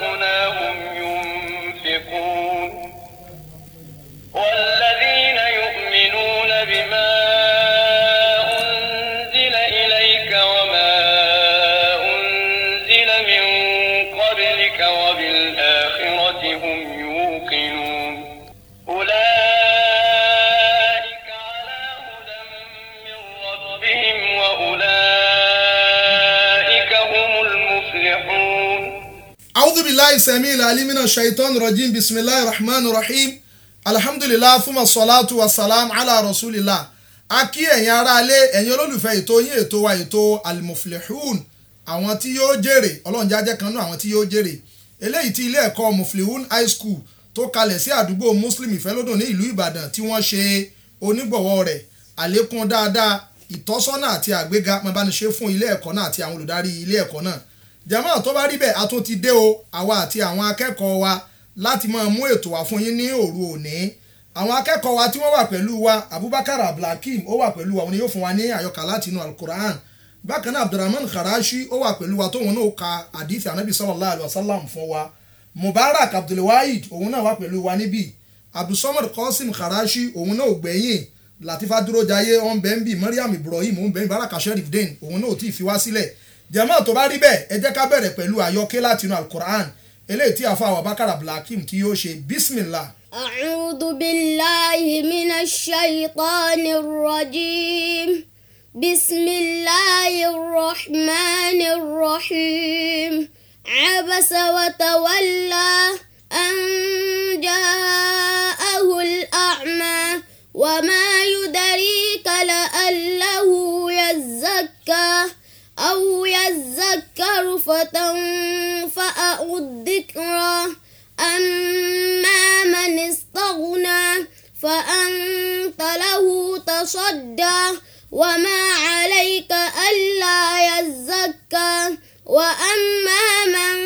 خلقناهم أعوذ بالله السميع العليم من الشيطان الرجيم بسم الله الرحمن الرحيم الحمد لله ثم الصلاة والسلام على رسول الله akí ẹ̀yin aráalé ẹ̀yin olólùfẹ́ ètò yín يتو wa ètò almuflihun àwọn tí yóò jèrè ọlọ́run jájẹ́ kan náà àwọn tí yóò jèrè eléyìí tí ilé ẹ̀kọ́ muflihun high school tó kalẹ̀ sí àdúgbò muslim ìfẹ́lódùn ní ìlú ìbàdàn tí wọ́n ṣe onígbọ̀wọ́ rẹ̀ àlékún dáadáa ìtọ́sọ́nà àti àgbéga máa bá ní ṣe fún ilé ẹ̀kọ́ náà àti àwọn olùdarí ilé ẹ̀kọ́ náà jàmáà tó bá rí bẹ́ẹ̀ a tún ti dé o àwa àti àwọn akẹ́kọ̀ọ́ wa láti máa mú ètò wá fún yín ní òru òní àwọn akẹ́kọ̀ọ́ wa tí wọ́n wà pẹ̀lú wa Abubakar Abdulhakeem ó wà pẹ̀lú wa òun ni yóò fún wa ní àyọkà láti inú alukur'an bákan náà Abdulrahman karashi ó wà pẹ̀lú wa tóun náà ka àdìsí anabi sallallahu alayhi wa sallam fún wa Mubarak Abdulwahid òun náà wà pẹ̀lú wa níbí Abdulsomad Qasim Kharashi òun náà gbẹ̀yìn Latifa Durojaye ọ̀nbẹ́ńbì Mariam Ibrahim ọ̀nbẹ́ńbì Baraka Sherifdeen òun náà ò tí ì fi wá sílẹ̀ jẹ̀mọ́ tó bá rí bẹ́ẹ̀ ẹ jẹ́ ká bẹ̀rẹ̀ pẹ̀lú àyọkẹ́ látinú alukur'an eléyìí tí àfa àwọn bákàrà blakim tí yóò ṣe bismillah. a'udhu billahi minash shaytanir rajim bismillahir rahmanir rahim abasa wa tawalla. تذكر فتنفأ الذكرى أما من استغنى فأنت له تصدى وما عليك ألا يزكى وأما من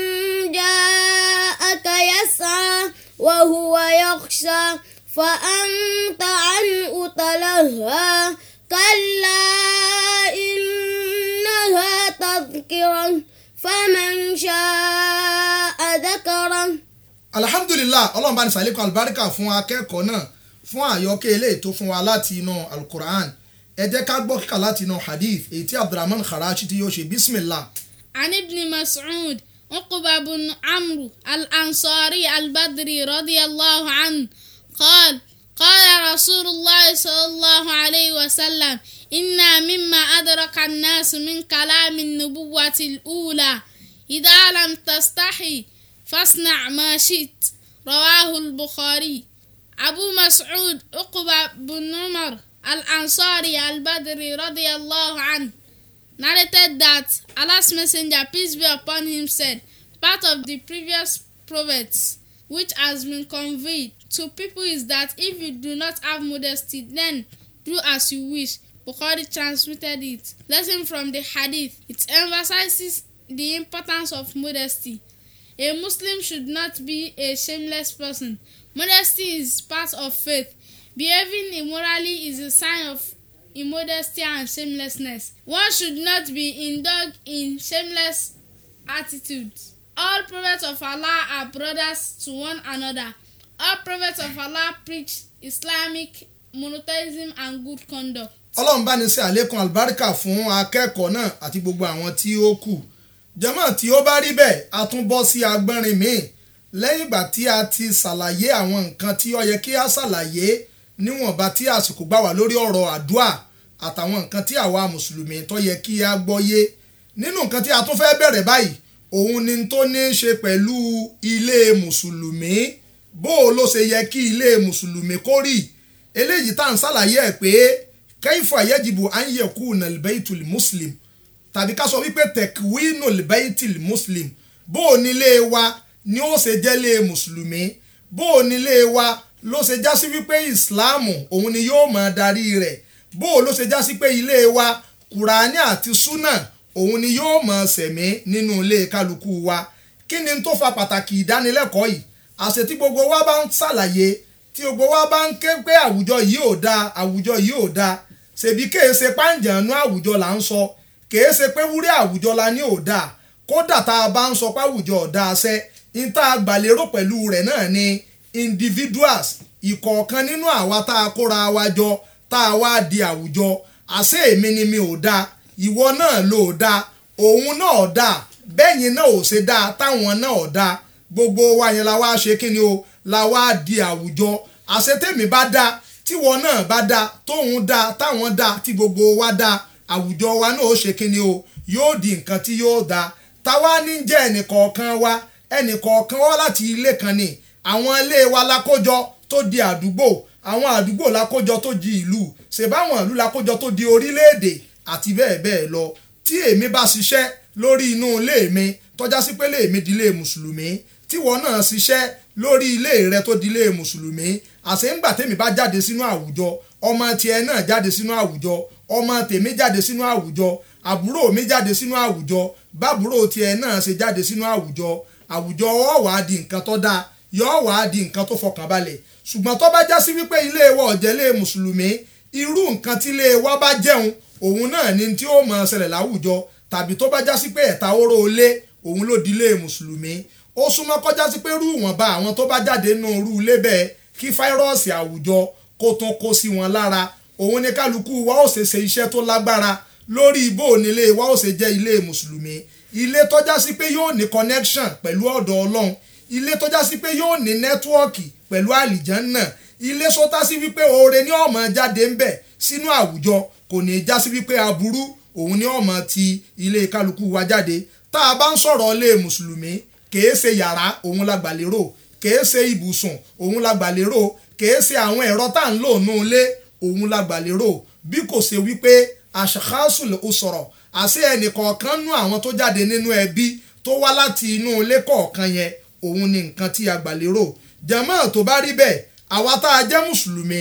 جاءك يسعى وهو يخشى فأنت عنه تلهى كلا منكرا فمن شاء ذكرا alhamdulillah ọlọ́run bá ní sàlékún àlùbáríkà fún akẹ́kọ̀ọ́ náà fún àyọkẹ́ eléyìí tó fún wa láti inú alukur'an ẹ jẹ́ ká gbọ́ kíkà láti inú hadith èyí tí abdulrahman kharachi ti yóò ṣe bismillah. an ibn mas'ud uqba bin amru al-ansari al-badri radiyallahu anhu qala qala rasulullah sallallahu alayhi wa sallam. إنا مما أدرك الناس من كلام النبوة الأولى إذا لم تستحي فاصنع ما شئت رواه البخاري أبو مسعود عقبة بن عمر الأنصاري البدري رضي الله عنه narrated that Allah's messenger peace be upon him said part of the previous prophets which has been conveyed to people is that if you do not have modesty then do as you wish Bukhari transmitted it. Lesson from the Hadith It emphasizes the importance of modesty. A Muslim should not be a shameless person. Modesty is part of faith. Behaving immorally is a sign of immodesty and shamelessness. One should not be indulged in shameless attitudes. All prophets of Allah are brothers to one another. All prophets of Allah preach Islamic monotheism and good conduct ọlọ́run bá ní ṣe àlékún àlùbáríkà fún akẹ́kọ̀ọ́ náà àti gbogbo àwọn tí ó kù jẹ́mọ̀ tí ó bá rí bẹ́ẹ̀ a tún bọ́ sí agbọ́nrin míì lẹ́yìn ìgbà tí a ti ṣàlàyé àwọn nǹkan tí ó yẹ kí a ṣàlàyé níwọ̀nba tí àsìkò gbà wá lórí ọ̀rọ̀ àdúà àtàwọn nǹkan tí àwa mùsùlùmí tó yẹ kí a gbọ́yé nínú nǹkan tí a tún fẹ́ bẹ̀rẹ̀ báyìí òun ni tó ní í ṣe pẹ̀lú ilé mùsùlùmí bó o ló ṣe yẹ kí ilé mùsùlùmí kó rí eléyìí tá à ń ṣàlàyé ẹ̀ pé kẹ́yìfà yẹ́jìbù à ń yẹ kú nàlbẹ́ìtì muslim tàbí ká sọ wípé tẹ̀kíwínù nàlbẹ́ìtì muslim bó o nílé wa ni ó ṣe jẹ́lé mùsùlùmí bó nílé wa ló ṣe já wípé ìsìláàmù òun ni yóò máa darí rẹ̀ bó o ló ṣe já sí pé ilé wa kùránì àti súnà òun ni yóò máa ṣẹ̀mí nínú ilé kálukú wa kí ni tó fa pàtàkì ìdánilẹ́kọ̀ọ́ yìí àṣẹ tí gbogbo wa bá ń ṣàlàyé tí gbogbo wa bá ń ké pé àwùjọ yìí ò dáa àwùjọ yìí ò dáa ṣèbí kèé ṣe páǹjànú àwùjọ là ń sọ kèé ṣe pé wúrẹ́ àwùjọ la ní òdà kódà tá a bá ń sọ páwùjọ ọ̀dà aṣẹ́ ń tá a gbàlérò pẹ̀lú rẹ̀ náà ni individuals ìkọ̀ọ̀kan nínú àwa tá a kóra wa jọ tá a wá di àwùjọ àṣẹ èmi ni mi ò dáa ìwọ náà ló dáa òun náà dáa bẹ́yìn náà ò ṣe dáa táwọn náà dáa gbogbo wa yẹn la wá ṣe kí ni o la wá di àwùjọ àṣetẹ́mi bá dáa tíwọ náà bá da tóun da táwọn da tí gbogbo wa da àwùjọ wa náà ó ṣe kíni o yóò di nǹkan tí yóò da táwa ní jẹ́ ẹnìkọ̀ọ̀kan wa ẹnìkọ̀ọ̀kan wa láti ilé kan ni àwọn ilé wa lákójọ tó di àdúgbò àwọn àdúgbò lákójọ tó di ìlú ṣèbáwọn ìlú lákójọ tó di orílẹ̀-èdè àti bẹ́ẹ̀ bẹ́ẹ̀ lọ tí èmi bá ṣiṣẹ́ lórí inú ilé mi tọ́já sí pé ilé mi di ilé mùsùlùmí tíwọ náà ṣiṣẹ́ lórí ilé rẹ tó di ilé mùsùlùmí àṣé ńgbà tèmi bá jáde sínú àwùjọ ọmọ tiẹ̀ náà jáde sínú àwùjọ ọmọ tèmi jáde sínú àwùjọ àbúrò mi jáde sínú àwùjọ bábúrò tiẹ̀ náà ṣe jáde sínú àwùjọ àwùjọ ó wá di nǹkan tó dáa yóò wá di nǹkan tó fọkàn balẹ̀ ṣùgbọ́n tó bá já sí wípé ilé wa ọ̀jẹ̀ lé mùsùlùmí irú nǹkan tí ilé wa bá jẹun òun náà ni tí ó mọ̀ ṣẹlẹ̀ láwùjọ tàbí tó bá já sí pé ẹ̀ta oró ilé òun ló di ilé mùsùlùmí ó súnmọ́ kọjá sí pé irú ìwọ̀nba àwọn tó bá jáde nínú irú ilé bẹ́ẹ̀ kí fáírọ́ọ̀sì àwùjọ kó tún kó sí wọn lára òun ni kálukú wa ó ṣe ṣe iṣẹ́ tó lágbára lórí ibo onílé wa ó ṣe jẹ́ ilé mùsùlùmí ilé tọ́já sí pé yóò ní connection pẹ̀lú ọ̀dọ̀ ọlọ́run ilé tọ́já sí pé yóò ní nẹ́tíwọ́ọ̀kì pẹ̀lú àlìjánná ilé sọtá sí wípé oore ní ọmọ jáde ń bẹ̀ sínú àwùjọ kò ní já sí wípé aburú òun ní ọmọ ti ilé kálukú wa jáde tá a bá ń sọ̀rọ̀ ilé mùsùlùmí kèé ṣe yàrá òun la gbàlérò kèé ṣe ibùsùn òun la gbàlérò kèé ṣe àwọn ẹ̀rọ tá à ń lò nù ilé òun la gbàlérò bí kò ṣe wípé àṣàkáṣùl usra àṣẹ ẹnìkọ̀ọ̀kan nú àwọn tó jáde nínú ẹbí tó wá láti inú ilé kọ̀ọ̀kan yẹn òun ni nǹkan tí a gbàlérò jàmáà tó bá rí bẹ́ẹ̀ àwa tá a jẹ́ mùsùlùmí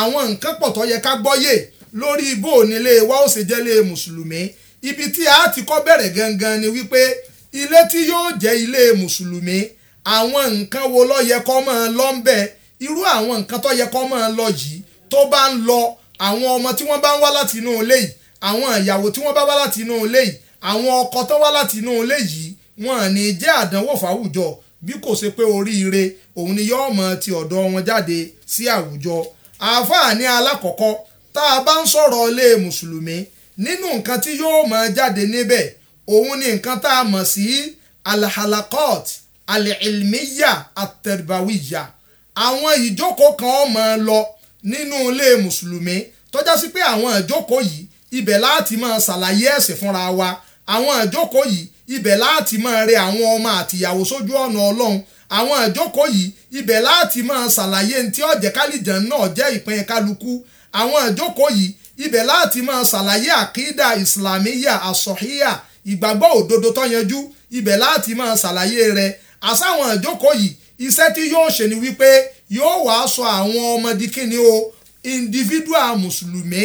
àwọn nǹkan pọ̀ tó yẹ ká gbọ́yè lórí bó onílé wa ó ṣe jẹ́ mùsùlùmí ibi tí a ti kọ́ bẹ̀rẹ̀ gangan ni wípé ilé tí yóò jẹ́ ilé mùsùlùmí àwọn nǹkan wo ló yẹ kó máa lọ ń bẹ̀ irú àwọn nǹkan tó yẹ kó máa lọ yìí tó bá ń lọ àwọn ọmọ tí wọ́n bá ń wá láti inú ilé yìí àwọn ìyàwó tí wọ́n bá wá láti inú ilé yìí àwọn ọkọ tó wá láti inú ilé yìí wọn ní jẹ́ àdánwò fáwùjọ bí kò ṣe pé oríire òun ni yóò mọ ti ọ̀dọ̀ wọn jáde sí àwùjọ àáfàá ní alákọ̀ọ́kọ́ tá a bá ń sọ̀rọ̀ ilé mùsùlùmí nínú nǹkan tí yóò mọ jáde níbẹ̀ òun ni nǹkan tá a mọ̀ sí alhalakot alẹ́ẹ̀lmíyà àtẹ̀báwíyà àwọn ìjókòó kan máa lọ nínú ilé mùsùlùmí tọ́já sí pé àwọn ìjókòó yìí ibẹ̀ láti máa ṣàlàyé ẹ̀sìn fúnra wa àwọn ìjókòó yìí ibẹ̀ láti máa rẹ àwọn ọmọ àtìyàwó sójú ọ̀nà ọlọ́run àwọn ìjókòó yìí ibẹ̀ láti máa ṣàlàyé ntí ọ̀jẹ̀ kálíjàn náà jẹ́ ìpín kálukú àwọn ìjókòó yìí ibẹ̀ láti máa ṣàlàyé àkídà ìsìlámíyà àsọ̀híyà ìgbàgbọ́ òdodo tó ibẹ̀ láti máa ṣàlàyé rẹ̀ àsáwọn ìjókòó yìí iṣẹ́ tí yóò ṣe ni wípé yóò wàá sọ àwọn ọmọ kíni o individual mùsùlùmí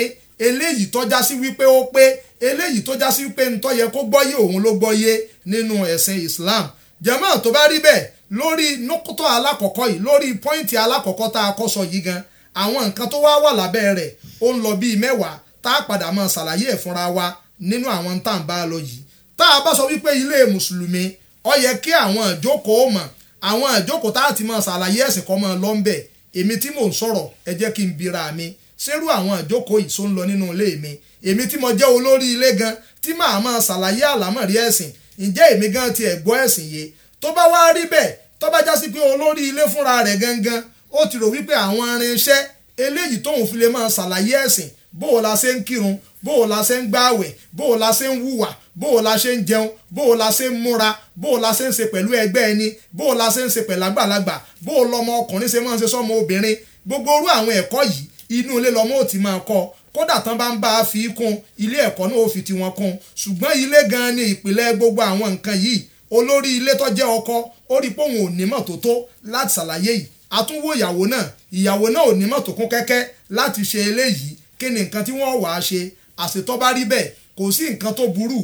eléyìí tọ́já sí wípé ó pé eléyìí tọ́já sí wípé ntọ́ yẹ kó gbọ́yé òun ló gbọ́yé nínú ẹ̀sìn Islam jàmáà tó bá rí bẹ́ẹ̀ lórí nókútọ́ alákọ̀ọ́kọ́ yìí lórí pọ́ìntì alákọ̀ọ́kọ́ tá a kọ́ sọ yìí gan àwọn nǹkan tó wá wà lábẹ́ rẹ̀ ó ń lọ bíi mẹ́wàá tá a padà máa ṣàlàyé ẹ̀ fúnra wa nínú àwọn tá à ń bá a lọ yìí tá a bá sọ wípé ilé mùsùlùmí ó yẹ kí àwọn ìjókòó mọ̀ àwọn ìjókòó tá a ti máa ṣàlàyé ẹ̀sìn kan máa lọ ń bẹ̀ èmi tí mò ń sọ̀rọ̀ ẹ jẹ́ kí n bira mi ṣerú àwọn ìjókòó yìí tó ń lọ nínú ilé mi èmi tí mo jẹ́ olórí ilé gan tí màá máa ṣàlàyé àlámọ̀rí ẹ̀sìn ǹjẹ́ èmi gan ti ẹ̀gbọ́ ẹ̀sìn yìí tó bá wá rí bẹ́ẹ̀ tó bá já sí pé olórí ilé fúnra rẹ̀ gangan ó ti rò wípé àwọn irinṣẹ́ eléyìí tóun fi lè máa ṣàlàyé ẹ̀sìn bóò la ṣe ń kírun bóò la ṣe ń gbààwẹ̀ bóò la ṣe ń hùwà bóò la ṣe ń jẹun bóò la ṣe ń múra bóò la ṣe ń ṣe pẹ̀lú ẹgbẹ́ ẹni bóò la ṣe ń ṣe pẹ̀lú àgbàlagbà bóò lọmọ ọkùnrin ṣe máa ń ṣe sọ́mọ obìnrin gbogbo orú àwọn ẹ̀kọ́ yìí inú ilé lọmọ ò ti máa kọ́ kódà tán bá ń bá a fi kún ilé ẹ̀kọ́ náà ó fi tiwọn kún ṣùgbọ́n ilé gan ni ìpìlẹ̀ gbogbo àwọn nǹkan yìí olórí ilé tó jẹ́ ọkọ ó rí pé òun tó tó láti ṣàlàyé yìí àtúnwò ìyàwó náà ìyàwó náà ò tó kún kẹ́kẹ́ láti ṣe eléyìí kí ni nǹkan tí wọ́n wàá ṣe àṣetọ́ bá rí bẹ́ẹ̀ kò sí nǹkan tó burú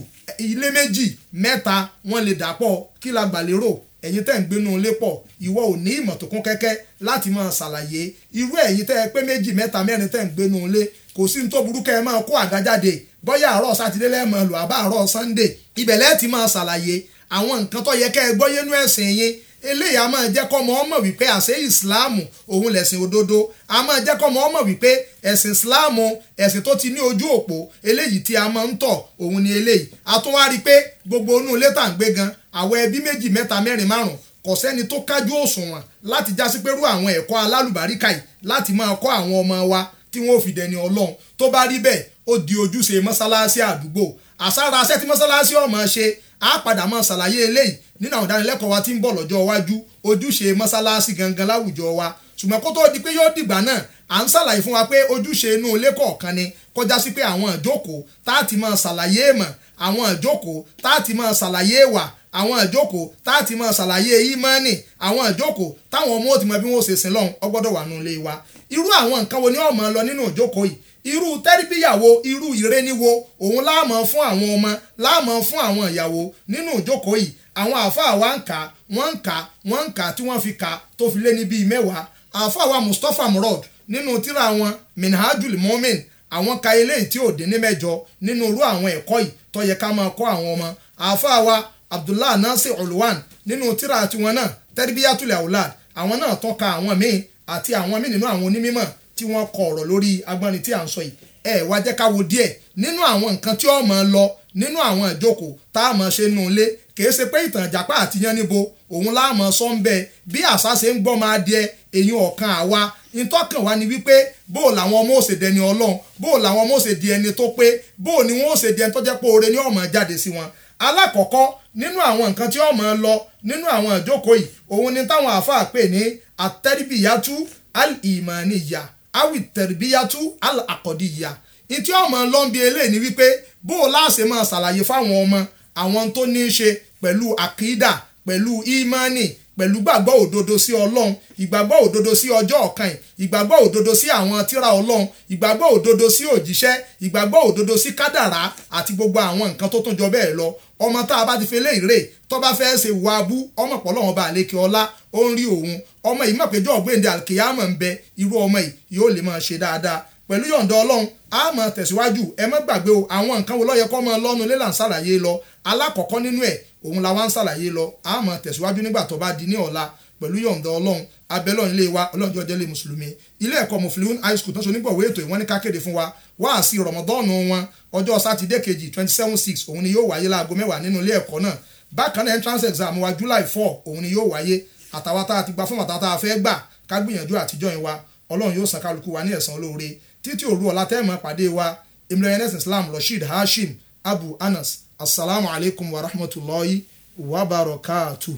ilé méjì mẹ́ta wọ́n lè dàpọ̀ kí la gbà lérò ẹ̀yin tẹ́ ń gbénu ilé pọ̀ ìwọ ò ní ìmọ̀ tó kún kẹ́kẹ́ láti máa ṣàlàyé irú ẹ̀yin tẹ́ ẹ pé méjì mẹ́ta mẹ́rin tẹ́ ń gbénu ilé kò sí ní tó burú kẹ́ ẹ máa kó àga jáde bóyá àárọ̀ sátidé lẹ́ẹ̀mọ̀ lò àbá àárọ̀ sunday ibẹ̀ lẹ́ẹ̀ ti máa ṣàlàyé àwọn nǹkan tó yẹ kẹ́ ẹ gbọ́yé nú ẹ̀sìn yín eléyìí a máa jẹ́ kọ́mọ ọmọ wípé àṣẹ ìsìláàmù òun lẹ̀sìn òdodo a máa jẹ́ kọ́mọ ọmọ wípé ẹ̀sìn ìsìláàmù ẹ̀sìn tó ti ní ojú òpó eléyìí tí a máa ń tọ̀ òun ni eléyìí a tún wá rí i pé gbogbo inú ilé tá à ń gbé gan àwọn ẹbí méjì mẹ́ta mẹ́rin márùn kò sẹ́ni tó kájú òṣùwọ̀n láti jásí pé rú àwọn ẹ̀kọ́ alálùbáríkà yìí láti máa kọ́ àwọn ọmọ wa tí wọ́n fi dẹni ọlọ́run tó bá rí bẹ́ẹ̀ ó di ojúṣe mọ́sálásí àdúgbò àsára aṣẹ́ tí mọ́sálásí ọmọ ṣe á padà máa ṣàlàyé eléyìí nínú àwọn ìdánilẹ́kọ̀ọ́ wa tí ń bọ̀ lọ́jọ́ iwájú ojúṣe mọ́sálásí gangan láwùjọ wa ṣùgbọ́n kó tó di pé yóò dìgbà náà à ń ṣàlàyé fún wa pé ojúṣe inú ilé kọ̀ọ̀kan ni kọjá sí pé àwọn ìjókòó tá a ti máa ṣàlàyé èèmọ̀ àwọn ìjókòó tá a ti máa ṣàlàyé ìwà àwọn ìjókòó tá a ti máa ṣàlàyé ìmọ̀ọ́nì àwọn ìjókòó táwọn ọmọ ò ti mọ bí wọ́n ṣe sìn lọ́hùn ọgbọ́dọ̀ wà nù ilé wa irú àwọn nǹkan wo ni ó máa lọ nínú ìjókòó yìí irú tẹ́rìbíyàwó irú ìrẹ́niwo òun láàmọ̀ fún àwọn ọmọ láàmọ̀ fún àwọn ìyàwó nínú ìjókòó yìí àwọn àáfàá wa ń kà wọ́n ń kà wọ́n ń kà tí wọ́n fi kà tó fi lé ní bíi mẹ́wàá àáfàá wa Mustapha Murad nínú tíra wọn minhajul momin àwọn ka eléyìí tí ò dín ní mẹ́jọ nínú irú àwọn ẹ̀kọ́ yìí tó yẹ ká máa kọ́ àwọn ọmọ àáfàá wa Abdullah Nasir Olwan nínú tíra tiwọn náà tẹ́rìbíyàtúlì àwòlad àwọn náà tọ́ka àwọn míì àti àwọn míì nínú àwọn onímọ̀ tí wọ́n kọ ọ̀rọ̀ lórí agbọ́nrin tí à ń sọ yìí ẹ wá jẹ́ ká wo díẹ̀ nínú àwọn nǹkan tí ó máa lọ nínú àwọn ìjókòó tá a máa ṣe nínú ilé kìí ṣe pé ìtàn ìjàpá àti yan níbo òun láàmú sọ́ńbẹ́ bí àṣà ṣe ń gbọ́mọ adìẹ èyàn ọ̀kan àwa ìtọ́kàn wa ni wípé bóò làwọn ọmọ òsè dẹni ọlọ́run bóò làwọn ọmọ òsè di ẹni tó pé bóò ni wọn òsè di ẹni tó jẹ́ pé oore ní ọmọ jáde sí wọn alákọ̀ọ́kọ́ nínú àwọn nǹkan tí ọmọ lọ nínú àwọn ìjókòó yìí òun ni táwọn àáfàá pè ní àtẹ́rìbìyàtú al-ìmánìyà awìtẹ̀rìbìyàtú al-àkọ̀dìyà ìtí ọmọ lọ́nbi eléyìí ni wípé bóò láṣẹ máa ṣàlàyé fáwọn ọmọ àwọn tó ní í ṣe pẹ̀lú àkídà pẹ̀lú ímánì pẹ̀lú gbàgbọ́ òdodo sí ọlọ́run ìgbàgbọ́ òdodo sí ọjọ́ ọ̀kan ìgbàgbọ́ òdodo sí àwọn tírà ọlọ́run ìgbàgbọ́ òdodo sí òjíṣẹ́ ìgbàgbọ́ òdodo sí kádàrá àti gbogbo àwọn nǹkan tó tún jọ bẹ́ẹ̀ lọ ọmọ tá a bá ti fi lé ìrè tó bá fẹ́ ṣe wà bú ọmọ pọ̀ lọ́wọ́n bá àlékè ọlá ó ń rí òun ọmọ yìí mọ̀ péjọ́ ọ̀gbẹ́ndẹ́ àkèyàmọ̀ ń bẹ irú ọmọ yìí yóò lè máa ṣe pẹ̀lú yọ̀ǹda ọlọ́run a máa tẹ̀síwájú ẹ má gbàgbé o àwọn nǹkan wo lọ́yẹ kọ́ máa lọ́nu lé là ń ṣàlàyé lọ alákọ̀ọ́kọ́ nínú ẹ̀ òun la wá ń ṣàlàyé lọ a máa tẹ̀síwájú nígbà tó bá di ní ọ̀la pẹ̀lú yọ̀ǹda ọlọ́run abẹ́lọ́ ilé wa ọlọ́jọ́ jẹ́lé mùsùlùmí ilé ẹ̀kọ́ mufliun high school tó ń so nígbọ̀wé ètò ìwọ́n ní kákéde fún wa wá sí rọmọdọ́ọ̀nù wọn ọjọ́ sátidé kejì twenty seven six òun ni yóò wáyé láago mẹ́wàá nínú ilé ẹ̀kọ́ náà títí òru ọ̀la tẹ́ máa pàdé wa imran ẹ̀sìn islam rasheed hashim abu anas asalaamualeykum wa rahmatulahi wa barakatuh.